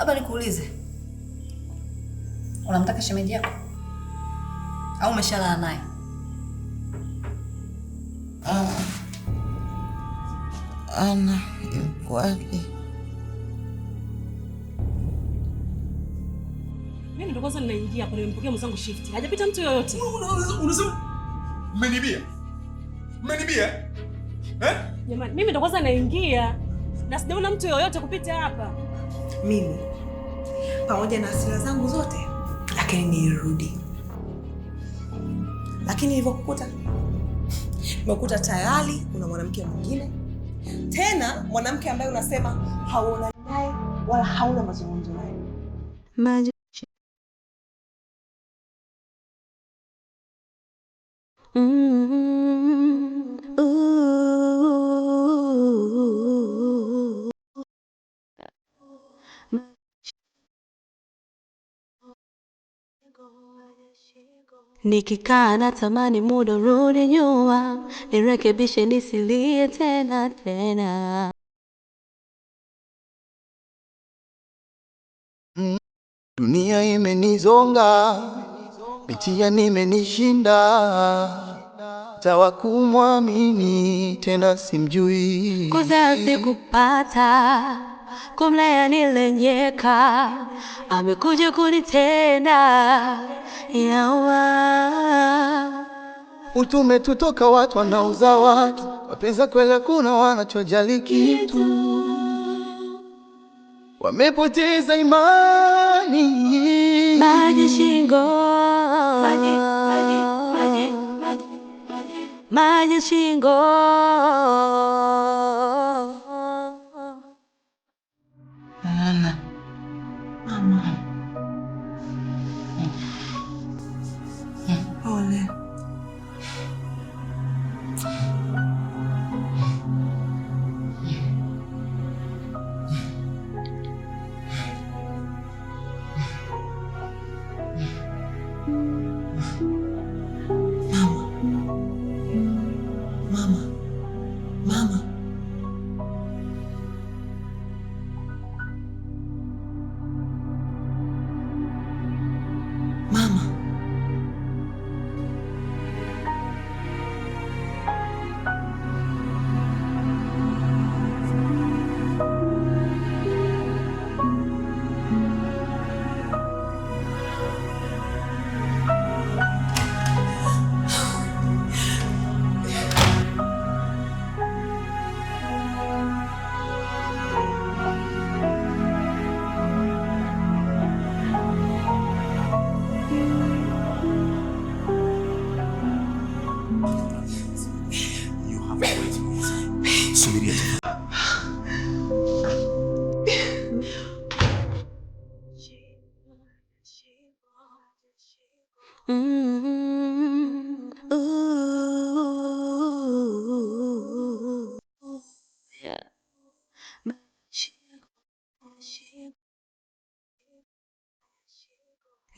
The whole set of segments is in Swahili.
Hapa nikuulize, unamtaka shemeji yako au umeshalala naye? Ah. Ana yuko wapi? Mimi ndo kwanza ninaingia hapo, nimempokea mzangu shift, hajapita mtu yoyote. Unasema mmenibia, mmenibia eh? Jamani, mimi ndo kwanza naingia na sijaona mtu yoyote kupita hapa mimi pamoja na hasira zangu zote, lakini nilirudi. Lakini nilivyokukuta, nimekuta tayari kuna mwanamke mwingine, tena mwanamke ambaye unasema hauonani naye wala hauna mazungumzo naye. Mm. Nikikaa tamani muda rudi nyuma, nirekebishe nisilie tena tena. Mm. Dunia imenizonga, mitihani imenishinda, tawa kumwamini tena simjui, kuzazi kupata kumla mlaya nilenyeka, amekuja kunitenda yawa utume tutoka watu wanauza watu wapenza kwele, kuna wanachojali kitu, wamepoteza imani. Maji shingo, maji, maji, maji, maji, maji shingo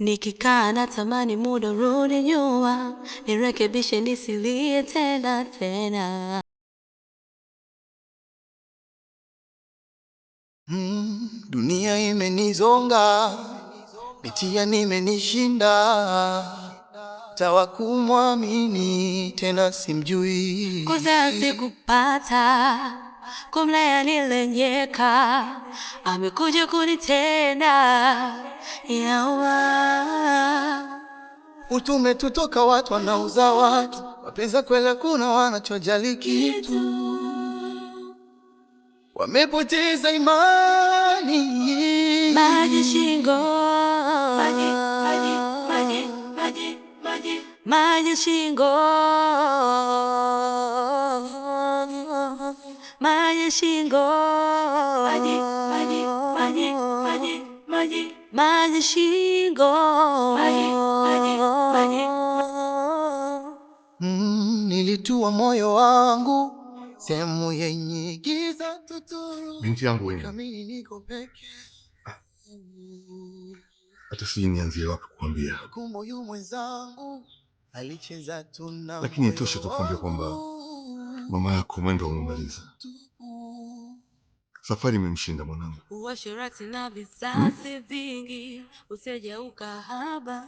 Nikikaa tamani muda rudi nyuma, nirekebishe nisilie tena tena. Mm, dunia imenizonga, mitia nimenishinda tawakumwamini tena simjui. kuzazi kupata kumla mlaya amekuja kunitenda yawa utume tutoka watu wanauza watu wapenza kwela, kuna wanachojali kitu wamepoteza imani. Maji shingo, maji, maji, maji, maji, maji, maji shingo maji shingo, maji, maji, maji, maji, maji, maji shingo, maji, maji, maji. Mm, nilitua moyo wangu sehemu yenye giza tuturu. Binti yangu wewe, niko peke ah. hata nianzie wapi kukwambia, kumbo yu mwenzangu lakini itoshe tu kwamba mama yako mwendo umemaliza. Safari imemshinda mwanangu. Uasherati na visasi vingi, usije ukahaba.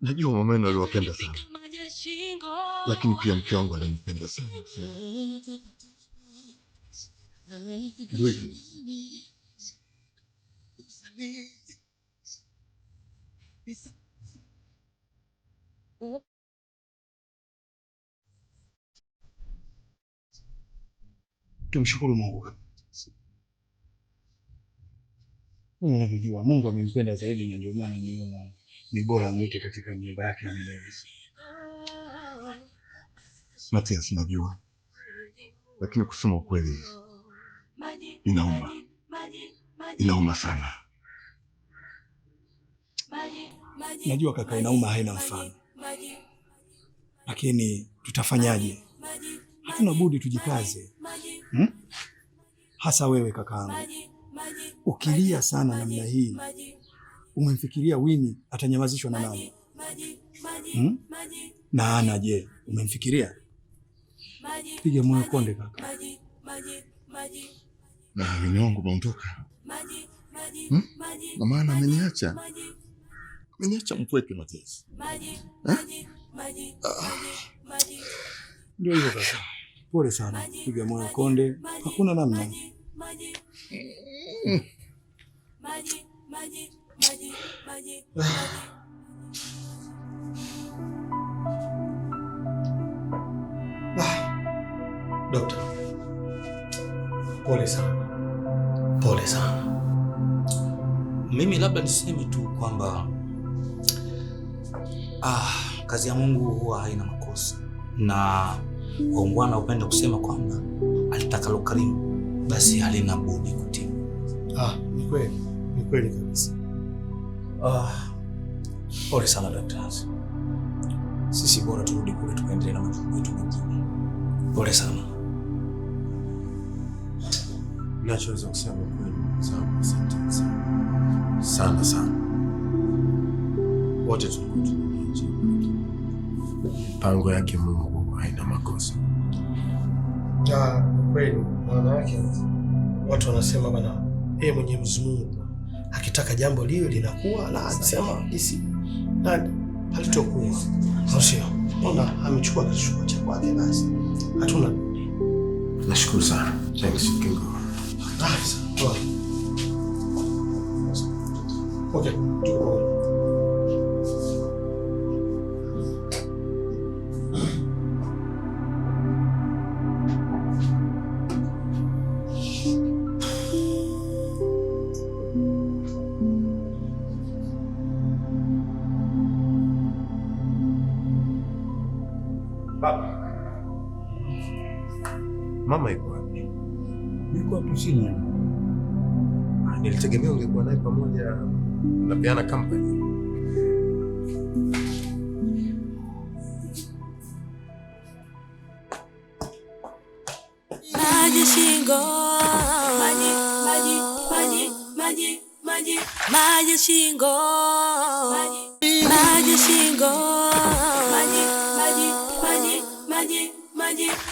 Najua mama yenu aliwapenda sana, lakini pia mke wangu alimpenda sana. Eh. Tumshukuru Mungu. Najua Mungu amempenda zaidi na ndio maana niona ni bora mwite katika nyumba yake na mimi. Matias, najua lakini kusema ukweli inauma, inauma sana. Najua kaka, inauma, haina mfano, lakini tutafanyaje? Hatuna budi tujikaze hmm? Hasa wewe kakaangu, ukilia sana namna hii, umemfikiria Wini atanyamazishwa na nani? hmm? na ana je, umemfikiria? Piga moyo konde kaka, na wini wangu kaondoka hmm? na maana ameniacha ameniacha mpweke matezi eh? ah. ndio hivyo kaka. Pole sana ndugu moyo Konde, hakuna namna. Dokta, pole sana, pole sana. Mimi labda niseme tu kwamba ah, kazi ya Mungu huwa haina makosa na Waungwana upende kusema kwamba alitakalokarima basi halina budi kutimu. Ah, ni kweli, ni kweli kabisa. Ah, pole sana daktari, sisi bora turudi kule tukaendelea na majukumu yetu mengine. Pole sana. Nachoweza kusema kweli sana, asante sana sana sana, wote tulikuwa tunaenje mpango yake Mungu makosa. Na kweli maana yake watu wanasema bana, yeye mwenye mzungu akitaka jambo liwe linakuwa na anasema isi na halitokuwa, sio? Ona amechukua kishukua cha kwake, basi hatuna. Nashukuru sana, thanks Kingo. Ah, okay. Mama yuko wapi? Yuko hapo chini. Ah, nilitegemea ungekuwa naye pamoja na Piana Company. Maji shingo. Maji, maji, maji, maji, maji. Maji shingo. Maji shingo.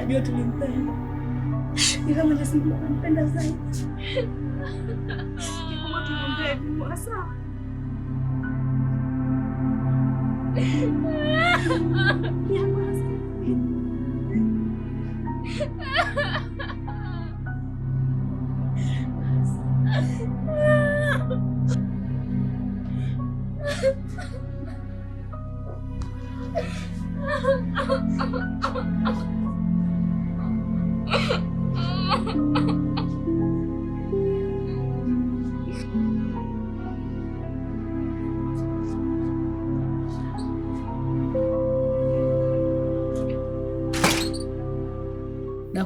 najua tulimpenda, ila Mwenyezi Mungu anampenda zaidi. Kikubwa tumwombee dua, sawa?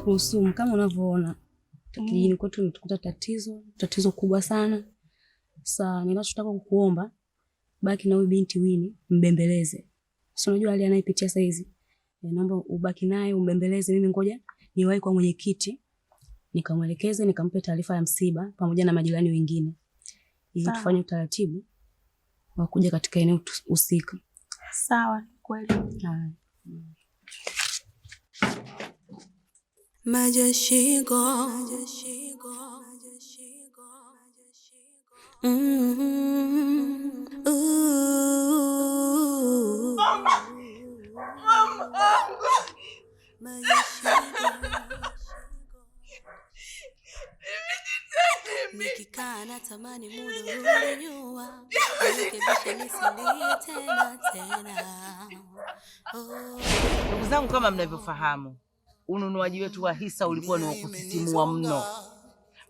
kuhusumu kama unavyoona mm. kijijini kwetu tumekuta tatizo tatizo kubwa sana. Sa ninachotaka kukuomba baki na huyu binti Wini, mbembeleze. Sasa unajua hali anayepitia sasa hizi, eh, naomba ubaki naye umbembeleze. Mimi ngoja niwahi kwa mwenyekiti nikamwelekeze nikampe taarifa ya msiba pamoja na majirani wengine, ili tufanye utaratibu wa kuja katika eneo husika. Sawa, kweli. Majashiko. Mm, mm-hmm. ooh. muda urudi nyuma, nirekebishe nisilii tena tena. Oh. Ndugu zangu, kama mnavyofahamu ununuaji wetu wa hisa ulikuwa ni wa kusisimua mno.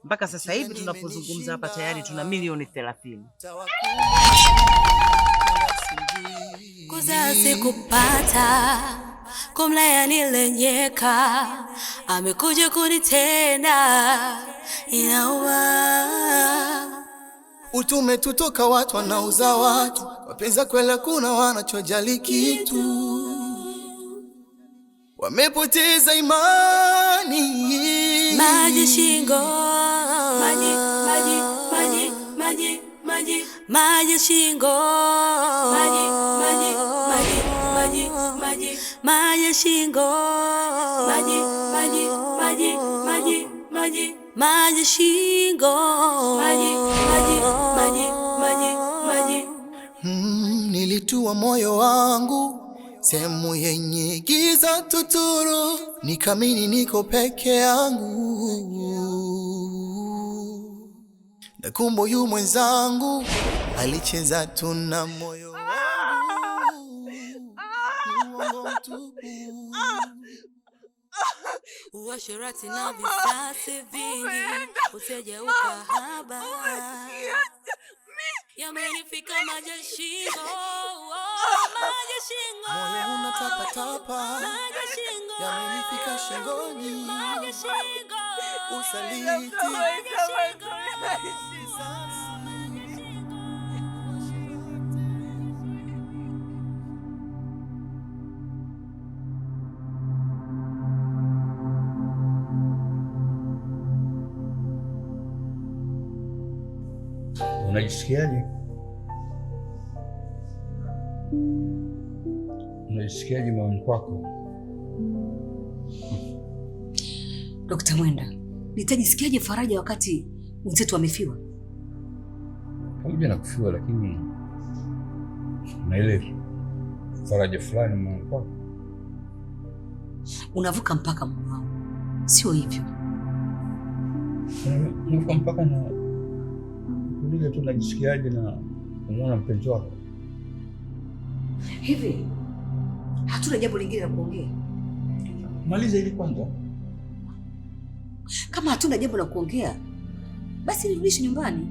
Mpaka sasa hivi tunapozungumza hapa tayari tuna milioni thelathini. Kuzazi kupata kumlaya nilenyeka amekuja kunitenda, inauma. Utume tutoka watu wanauza watu, wapenza kwela, kuna wanachojali kitu wamepoteza imani. Maji shingo, maji, maji, maji, maji, maji, maji shingo, maji, maji, maji, maji, maji, maji shingo, maji, maji, maji, maji, maji, maji shingo, maji, maji, maji, maji, maji. Mm, nilitua moyo wangu sehemu yenye giza tuturu, nikamini niko peke yangu, na kumbo yu mwenzangu alicheza tuna moyo uasherati na visasi vingi, uteja, ukahaba yamenifika majashio shingo, moyo unatapa tapa, yamenifika shingoni, usaliti Unajisikiaje? unajisikiaje maoni kwako? Dokta Mwenda, nitajisikiaje faraja wakati wenzetu wamefiwa? Pamoja na kufiwa, lakini na ile faraja fulani maoni kwako. Unavuka mpaka mume wangu, sio hivyo? Unavuka mpaka na kuuliza tu najisikiaje na kumwona mpenzi wako hivi hatuna jambo lingine la kuongea. Maliza ili kwanza. Kama hatuna jambo la kuongea, basi nirudishe nyumbani.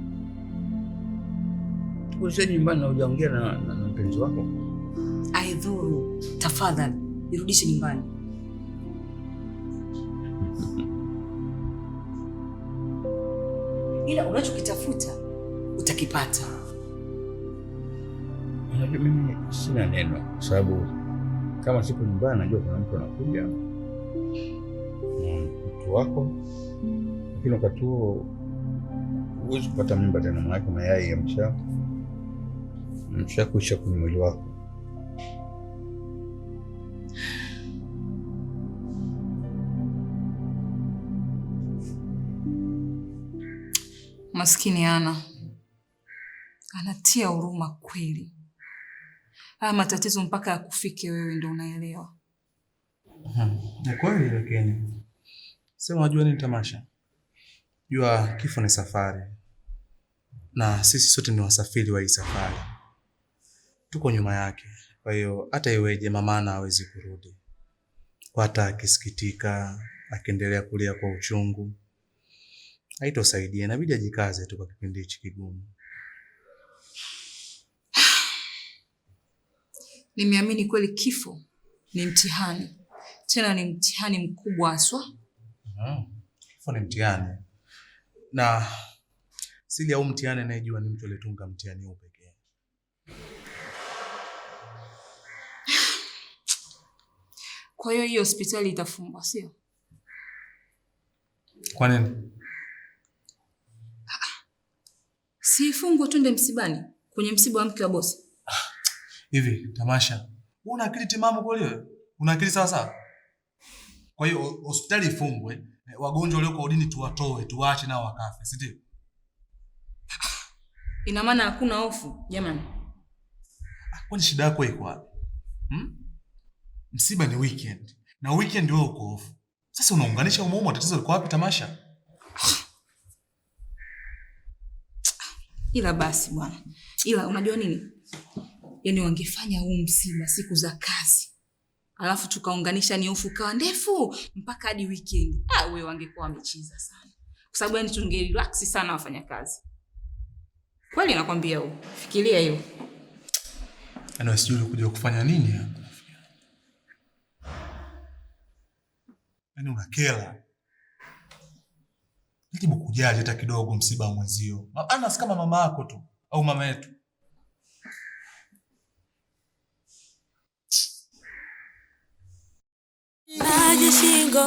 Urudishe nyumbani na ujaongea na mpenzi wako aidhuru. Tafadhali nirudishe nyumbani. Ila unachokitafuta utakipata. Unajua mimi sina neno sababu kama siku nyumbani, najua kuna mtu anakuja na mtu wako, lakini wakati huo huwezi kupata mimba tena, manake mayai yamsha mshakuisha kwenye mwili wako. Maskini ana anatia huruma kweli haya matatizo mpaka yakufike wewe ndio unaelewa. Hmm. Ni kweli, lakini sema, unajua nini Tamasha? Jua kifo ni safari, na sisi sote ni wasafiri wa hii safari, tuko nyuma yake. Kwa hiyo hata iweje, mamana hawezi kurudi, hata akisikitika, akiendelea kulia kwa uchungu haitosaidia, inabidi ajikaze tu kwa kipindi hichi kigumu. Nimeamini kweli kifo ni mtihani, tena ni mtihani mkubwa haswa. Hmm. Kifo ni mtihani na siri ya huu mtihani anayejua ni mtu aliyetunga mtihani huu pekee. Kwa hiyo hii hospitali itafungwa, sio? Kwa nini? Ah, ah. Siifungwe, twende msibani, kwenye msiba wa mke wa bosi. Hivi Tamasha, una akili timamu kweli wewe? Una akili sawa sawa? Kwa hiyo hospitali ifungwe, eh, wagonjwa walioko udini tuwatoe, tuwaache nao wakafe, si ndio? Ina maana hakuna hofu jamani? Ah, kwani shida yako iko wapi? Hmm? Msiba ni weekend na weekend wewe uko hofu. Sasa unaunganisha umuhimu, tatizo liko wapi Tamasha? Ila basi bwana, ila unajua nini, yani wangefanya huu msiba siku za kazi, alafu tukaunganisha nyofu kawa ndefu mpaka hadi weekend. Ah, we wangekuwa wamecheza sana, kwa sababu yani tunge relax sana kazi Kweli nakwambia, hu fikiria hiyo ana yaani sijui kuja kufanya nini yani unakela. Nikibu yaani kujaje hata kidogo msiba mwenzio. Ana kama mama yako tu au mama yetu. 마으신거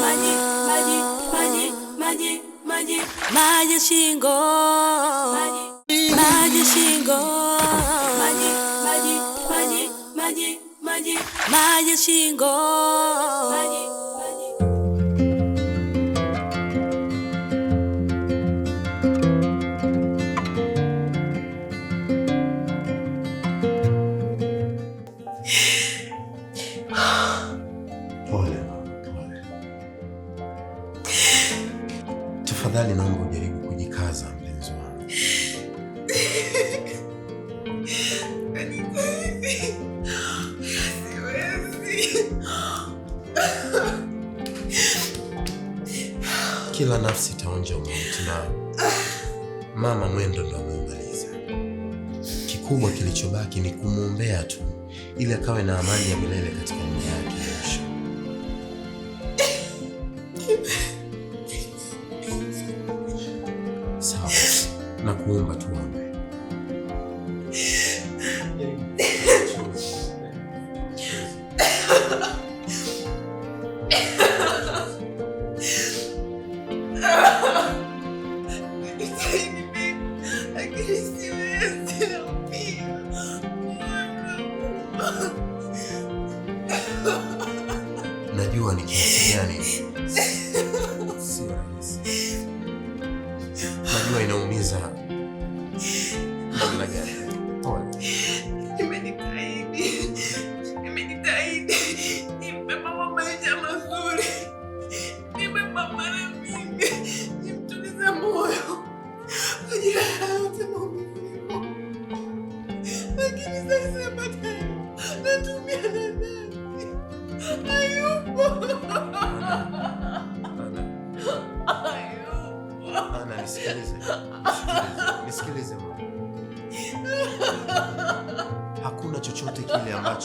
많이 많이 많이 많이 많이 맞으신 거 많이 맞으신 거 많이 많이 많이 많이 많이 맞으신 거 많이 mama mwendo ndo ameumaliza. Kikubwa kilichobaki ni kumwombea tu ili akawe na amani ya milele katika nyumba yake ya mwisho. Sawa, nakuomba tuombe.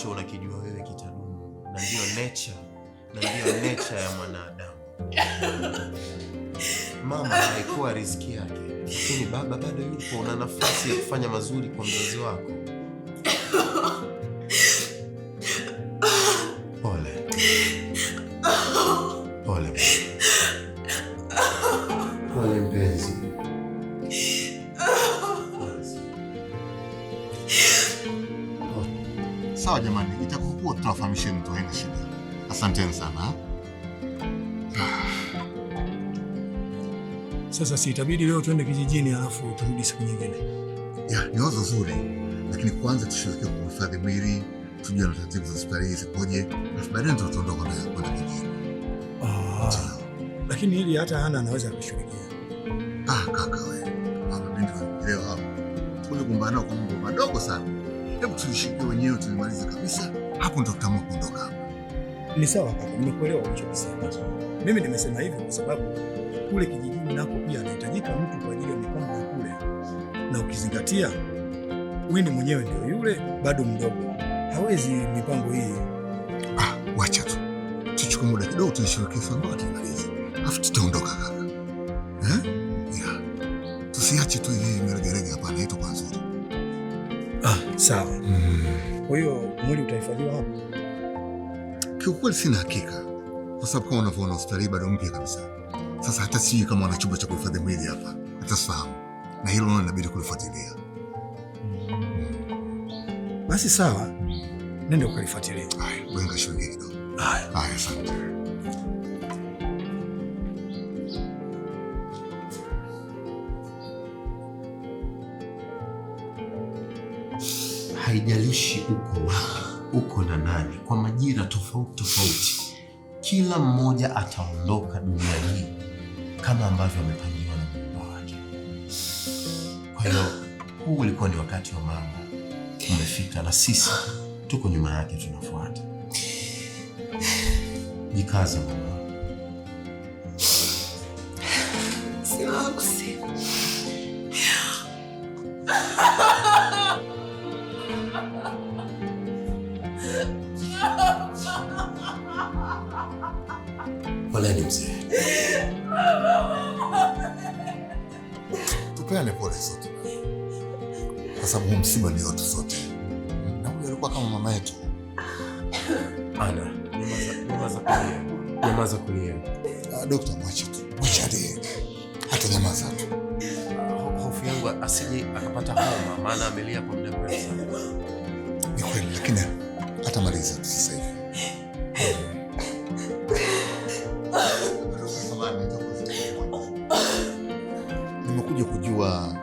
ambacho unakijua wewe kitadumu, na ndio nature, na ndiyo nature ya mwanadamu. Mama haikuwa riziki yake, lakini baba bado yupo. Una nafasi ya kufanya mazuri kwa mzazi wako. Sawa jamani, itakokuwa tutawafahamishieni tu, haina shida. Asanteni sana. Sasa si itabidi leo tuende kijijini, alafu turudi siku nyingine. Ya, ni wazo zuri, lakini kwanza tushirikie kuhifadhi mwili, tujue na taratibu za hospitali hizi zikoje, alafu baadaye ndio tutaondoka na kwenda kijijini. Ah, lakini hili hata hana anaweza kushirikia. Ah, kaka wewe, hapo ah, ndio leo hapo. kumbana kwa mambo madogo sana hebu tulishikie wenyewe, tulimalize kabisa, hapo ndo tutaamua kuondoka hapa. Ni sawa kaka, nimekuelewa unachosema. Mimi nimesema hivyo kwa sababu kule kijijini nako pia anahitajika mtu kwa ajili ya mipango ya kule, na ukizingatia Wini mwenyewe ndio yule, bado mdogo, hawezi mipango hii. Ah, wacha tu tuchukue muda kidogo, tuishirikie familia, tumalize afu tutaondoka kaka, eh? Yeah. Tusiache tu hii melegerege hapa, haitakuwa nzuri. Ah, sawa. Mm-hmm. Kwa hiyo mm, mwili utahifadhiwa hapo? Kiukweli sina hakika, kwa sababu kama unavyoona hospitali bado mpya kabisa. Sasa hata sijui kama wana chumba cha kuhifadhi mwili hapa, hata sifahamu, na hilo nalo inabidi kulifuatilia. Mm-hmm. Basi sawa, nenda ukalifuatilia. Haya, wenga shughuli kidogo. Haya, asante. haijalishi uko wapi, uko na nani, kwa majira tofauti tofauti, kila mmoja ataondoka dunia hii kama ambavyo amepangiwa na Muumba wake. Kwa hiyo huu ulikuwa ni wakati wa mama, umefika na sisi tuko nyuma yake, tunafuata. Jikaze mama. sababu huu msiba ni wetu sote, na huyu alikuwa kama mama yetu. Ana nyamaza kulia, nyamaza kulia. Ah, dokta, mwache tu, mwache hadi hata nyamaza tu. Ah, hofu yangu asije akapata homa, maana amelia kwa muda mrefu. Ni kweli, lakini hata maliza tu sasa hivi. Nimekuja kujua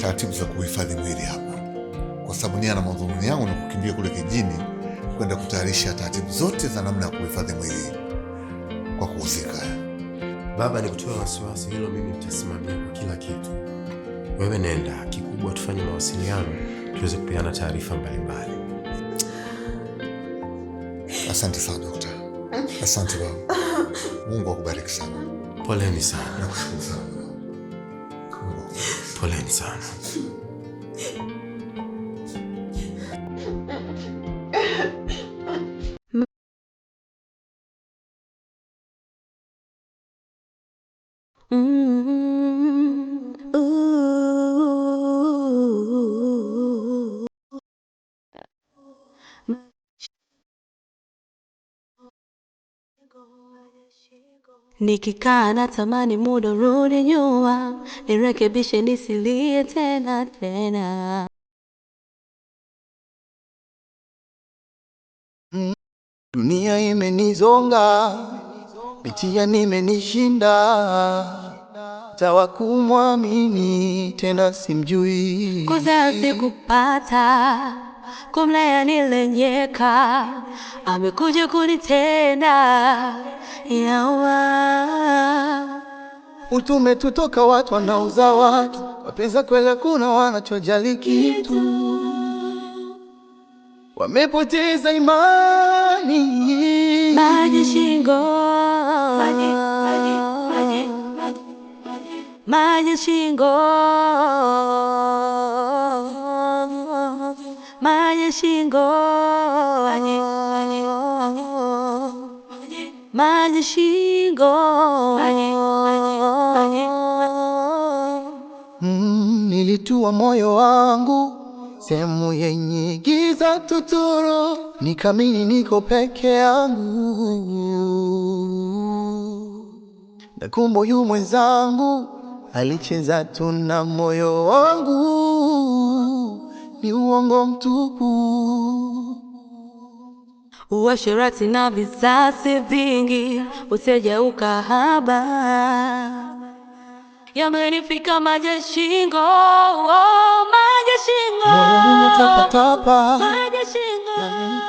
taratibu za Sabunia na madhumuni yangu ni kukimbia kule kijini kwenda kutayarisha taratibu zote za namna ya kuhifadhi mwili kwa kuhuzika Baba, nikutoe wasiwasi, hilo mimi nitasimamia kwa kila kitu. Wewe nenda, kikubwa tufanye mawasiliano tuweze kupeana taarifa mbalimbali. Asante sana dokta. Asante baba. Mungu akubariki sana. Poleni sana. Nakushukuru sana. Poleni sana. Nikikaa tamani muda rudi nyuma, nirekebishe nisilie tena tena. Mm. Dunia imenizonga, mitihani imenishinda, tawakumwamini tena simjui kuzazi kupata kumla yanilenyeka, amekuja kunitenda yawa utume tutoka watu wanauza watu wapenza kwele kuna wanachojali kitu, wamepoteza imani maji shingo, maji, maji, maji, maji, maji shingo manye shingo manye shingo mm, nilitua moyo wangu sehemu yenye giza tuturo nikamini niko peke yangu, na yu mwenzangu alicheza tu na moyo wangu ni uongo mtupu. Uasherati na visasi vingi, usije ukahaba, yamenifika maji shingo, oh, maji shingo, maji shingo yaani